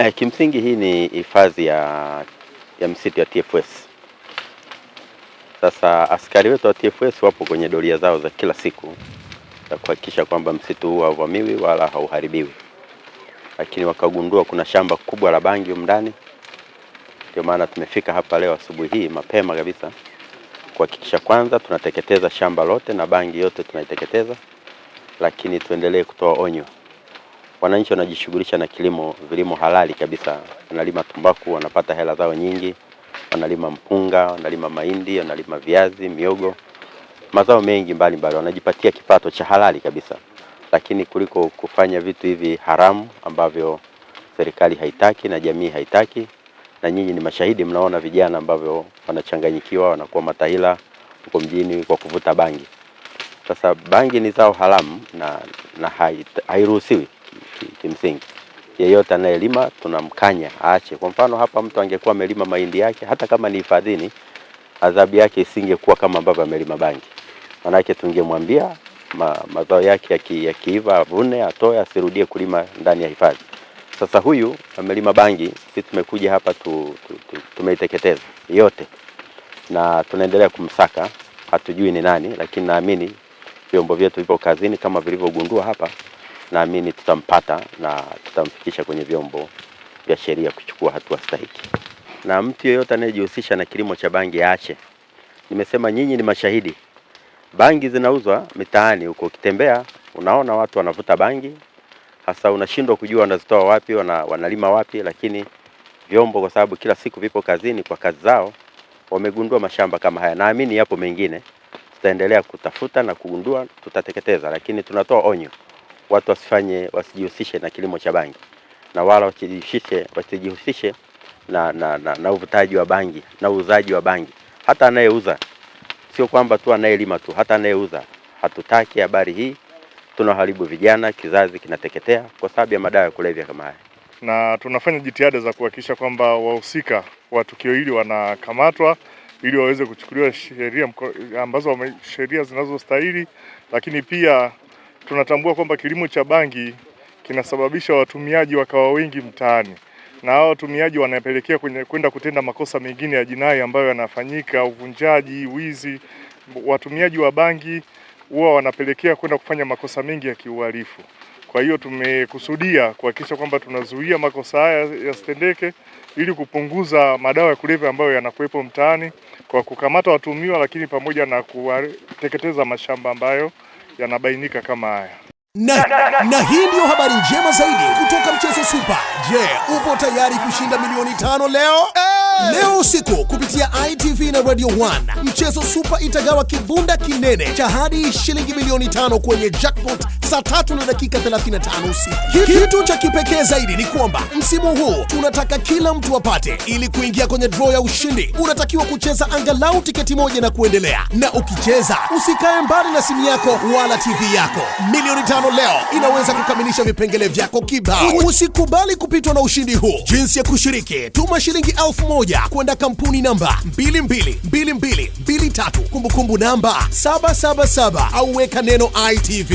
Eh, kimsingi hii ni hifadhi ya, ya msitu ya TFS. Sasa askari wetu wa TFS wapo kwenye doria zao za kila siku za kuhakikisha kwamba msitu huu hauvamiwi wala hauharibiwi, lakini wakagundua kuna shamba kubwa la bangi huko ndani. Ndio maana tumefika hapa leo asubuhi hii mapema kabisa kuhakikisha kwanza tunateketeza shamba lote na bangi yote tunaiteketeza, lakini tuendelee kutoa onyo wananchi wanajishughulisha na kilimo, vilimo halali kabisa, wanalima tumbaku, wanapata hela zao nyingi, wanalima mpunga, wanalima mahindi, wanalima viazi, miogo, mazao mengi mbalimbali, wanajipatia kipato cha halali kabisa, lakini kuliko kufanya vitu hivi haramu ambavyo serikali haitaki na jamii haitaki, na nyinyi ni mashahidi, mnaona vijana ambavyo wanachanganyikiwa, wanakuwa matahila huko mjini kwa kuvuta bangi. Sasa bangi ni zao haramu na, na hairuhusiwi kimsingi yeyote anayelima tunamkanya aache. Kwa mfano hapa, mtu angekuwa amelima mahindi yake hata kama ni hifadhini, adhabu yake isingekuwa kama ambavyo amelima bangi, manake tungemwambia ma, mazao yake yakiiva ya avune, atoe, asirudie kulima ndani ya hifadhi. Sasa huyu amelima bangi, sisi tumekuja hapa tu, tu, tu, tumeiteketeza yote na tunaendelea kumsaka, hatujui ni nani, lakini naamini vyombo vyetu vipo kazini kama vilivyogundua hapa naamini tutampata na tutamfikisha kwenye vyombo vya sheria kuchukua hatua stahiki. Na mtu yeyote anayejihusisha na kilimo cha bangi aache. Nimesema nyinyi ni mashahidi, bangi zinauzwa mitaani huko, ukitembea unaona watu wanavuta bangi, hasa unashindwa kujua wanazitoa wapi, wana, wanalima wapi, lakini vyombo kwa sababu kila siku vipo kazini kwa kazi zao, wamegundua mashamba kama haya. Naamini yapo mengine, tutaendelea kutafuta na kugundua, tutateketeza, lakini tunatoa onyo watu wasifanye wasijihusishe na kilimo cha bangi na wala wasijihusishe wasijihusishe na, na, na, na uvutaji wa bangi na uuzaji wa bangi. Hata anayeuza sio kwamba tu anayelima tu, hata anayeuza. Hatutaki habari hii, tunaharibu vijana, kizazi kinateketea kwa sababu ya madawa ya kulevya kama haya, na tunafanya jitihada za kuhakikisha kwamba wahusika wa tukio hili wanakamatwa ili waweze kuchukuliwa sheria ambazo sheria zinazostahili, lakini pia tunatambua kwamba kilimo cha bangi kinasababisha watumiaji wakawa wengi mtaani na hao watumiaji wanapelekea kwenda kutenda makosa mengine ya jinai ambayo yanafanyika, uvunjaji, wizi. Watumiaji wa bangi huwa wanapelekea kwenda kufanya makosa mengi ya kiuhalifu. Kwa hiyo tumekusudia kuhakikisha kwamba tunazuia makosa haya yasitendeke, ili kupunguza madawa ya kulevya ambayo yanakuwepo mtaani kwa kukamata watumiwa, lakini pamoja na kuwateketeza mashamba ambayo yanabainika kama haya na, na, na hii ndiyo habari njema zaidi kutoka mchezo Supa. Je, upo tayari kushinda milioni tano leo? Hey! Eh! Leo usiku kupitia ITV na Radio 1 mchezo Supa itagawa kibunda kinene cha hadi shilingi milioni tano kwenye jackpot saa tatu na dakika 35 usiku. Kitu cha kipekee zaidi ni kwamba msimu huu tunataka kila mtu apate. Ili kuingia kwenye draw ya ushindi, unatakiwa kucheza angalau tiketi moja na kuendelea, na ukicheza usikae mbali na simu yako wala TV yako. Milioni tano leo inaweza kukamilisha vipengele vyako kibao. Usikubali kupitwa na ushindi huu. Jinsi ya kushiriki: tuma shilingi elfu moja kwenda kampuni namba 222223 kumbukumbu namba 777 au weka neno ITV.